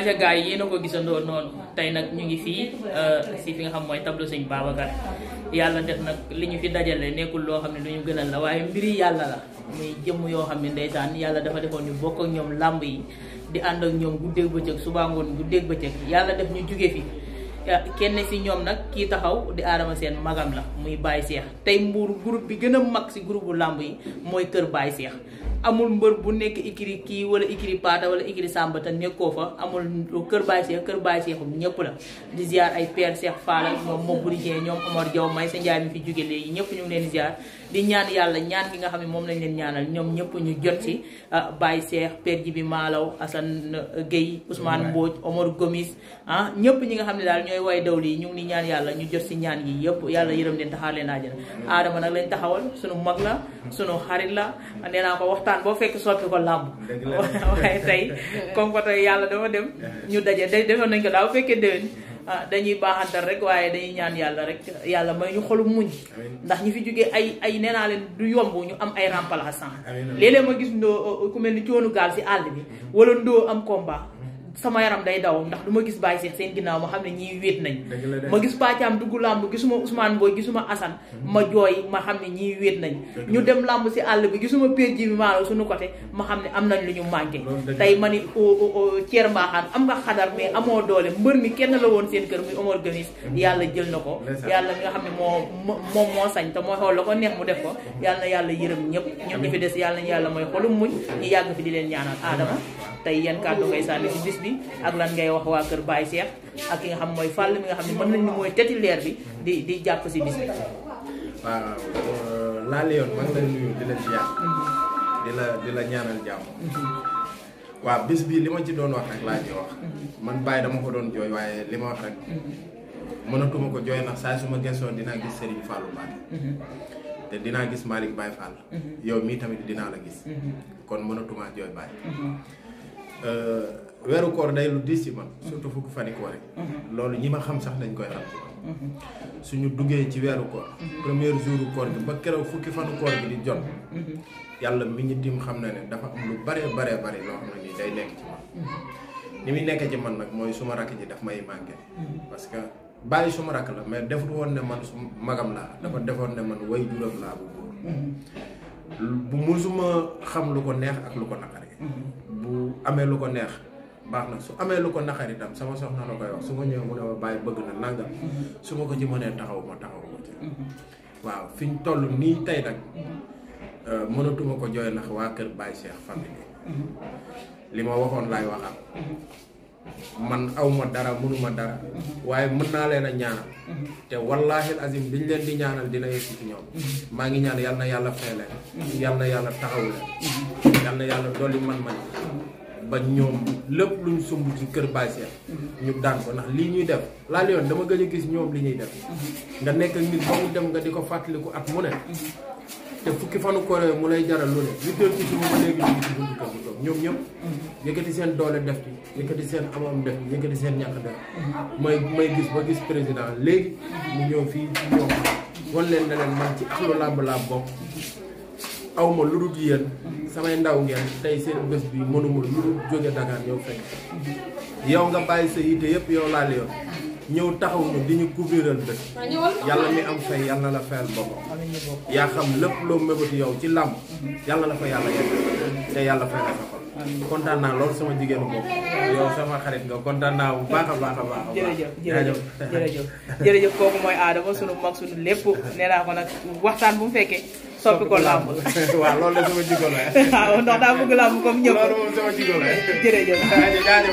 aja gay yi yéena ko gisandoo noonu tey nag ñu ngi fi euh si fi nga xam moy tableau seigne Babacar yalla def nak li ñu fi dajale nekul lo xamni ne lu ñu gënal la waye mbiri yalla la muy jëm yo xamni ne yalla dafa defoon ñu bokk ak ñom lamb yi di and ak ñoom guddeeg bëccëg subaa ngoon guddeeg bëccëg yalla def ñu juggé fi kenn ci ñom nak ki taxaw di adama seen magam la muy Baye Cheikh tay mbuur groupe bi gëna mag ci groupe lamb yi moy kër Baye Cheikh amul mbeur bu nek ikiri ki wala ikiri pata wala ikiri samba tan nekkoo fa amul keur bay cheikh keur bay seexum ñepp la di ziar ay père seex faala moom moom burijee ñom Omar Jaw may sa njaay fi jóge léegi ñepp ñu ngi leen ziar di ñaan yalla ñaan gi nga xamni mom lañ leen ñaanal ñom ñepp ñu jot ci ah, bay cheikh père djibi malaw maalaw Assane euh, Gueye Ousmane Mbodj Omar Gomis ah ñepp ñi nga xamni dal ñoy way daw ñu ngi ñaan yalla ñu jot ci ñaan yi yëpp yalla yërëm leen taxal leen aajana aadama lañ taxawal suñu mag la xarit la nee ko waxta waxtaan boo fekk soppi ko làmb waaye tey comme que tey yàlla dama dem ñu daje day defoon nañ ko daal bu fekkee déwén ah dañuy baaxantal rek waaye dañuy ñaan yàlla rek yàlla may ñu xolu muñ ndax ñi fi jógee ay ay nee naa leen du yomb ñu am ay remplaçant léeg-léeg ma gis ndoo ku mel ni coonu gaal si àll bi wala ndoo am combat sama yaram day daw ndax du gis Baye seen ginnaaw ma xam ne ñii wéet nañ ma gis Pathiam dugg làmb gisuma Ousmane Boy gisuma Assane hmm. ma jooy ma xam ne ñii wéet nañ ñu dem làmb si àll bi gisuma Père ji Malo suñu côté ma xam ne am nañ lu ñu manqué tey ma ni oh, oh, oh, Thier Mbaxaan am nga xadar mais amoo doole mbër mi kenn la woon seen kër muy Omar hmm. yàlla jël na ko yàlla mi nga xam ne moo moom moo sañ te mooy xool la ko neex mu def ko hmm. yàlla na yàlla yërëm ñëpp ñun ñu fi des yàlla yàlla mooy xolum muñ ñu fi di leen ñaanal aadama tey yan kàddu ngay sànni si bis bi ak lan ngay wax wa keur Baye Cheikh ak nga xam moy fall mi nga xam lañ ni moy tetti leer bi di di japp ci bis bi. la leon yoon la nuyu di la ziar. Mhm. di la di la ñaanal jamm mhm. wa bis bi lima ci doon wax rek la ci wax. Mhm. man Baye dama ko doon joy waye lima wax rek. mënatuma ko joy nak sa suma ma dina gis Serigne fallu ba te dina gis malik Baye Fall. yow mi tamit dina la gis. kon mënatumaa joy Baye. Euh, weeru koor day lu diis ci man surtout fukk fani koor yi mhm. loolu ñi ma xam sax dañ koy xam ci man mhm. suñu duggee ci weeru koor mhm. premier jour koor bi ba keroog fukki fanu koor bi di jot yàlla mi ñu tim xam na ne dafa lu bare bare bare loo xam ne muy nekk ci man nag mooy suma rakk ji daf may manqué parce que bàyyi suma rakk la mais defut woon ne man su magam laa dafa defoon ne man way juróom laa bu góor bu musuma xam lu ko neex ak lu ko naqar bu amee lu ko neex baax na su amee lu ko naxar itam sama soxna la koy wax su ma ñëwee mu ne ma bàyyi bëgg na nangam mm-hmm. su ma ko ci mënee taxaw ma taxaw ko ci mm-hmm. waaw fi ñu toll nii tey nag mm-hmm. euh, mënatuma ko jooy nax waa kër Baye seex famille li ma waxoon laay waxaat man awma dara mënuma dara waaye mën naa leen a ñaanal te wallaahi azim biñ leen di ñaanal dina yëkk ci ñoom maa ngi ñaan yal na yàlla fay leen na yàlla taxaw leen yal na yàlla dolli man-man ba ñoom lépp luñ sumb ci kër Baye Cheikh ñu daan ko ndax lii ñuy def laal yoon dama gëj a gis ñoom li ñuy def nga nekk nit ba dem nga di ko fàttaliku at mu ne te fukki fanu koor mu lay jaral lu ne huit heures ci suba ba léegi ñu ngi ci buntu kër gi toog ñoom yëkkati seen doole def ci yëkkati seen amam def ci yëkkati seen ñàkk def may may gis ba gis président léegi mu ñëw fii ci ñoom wan leen ne leen man ci axlu làmb laa bokk awma lu dul yéen samay ndaw ngeen tey seen bés bi mënuma lu dul jóge Dakar ñëw fekk yow nga bàyyi sa yite yëpp yow laa yoon ñëw taxaw ñu di ñu couvriral dëkk yàlla mi am fay yàlla na la fayal boppam yaa xam lépp loo mébati yow ci làmb yàlla na fa yàlla yegg te la ko kontaan naa loolu sama jigéenu bopp yow sama xarit nga kontaan naa bu baax a baax a baax. jërëjëf jërëjëf jërëjëf jërëjëf kooku mooy Adama sunu mag lépp nee naa ko bu mu fekkee. ko làmb waaw loolu la sama jigéen la. waaw ndax daa bëgg làmb comme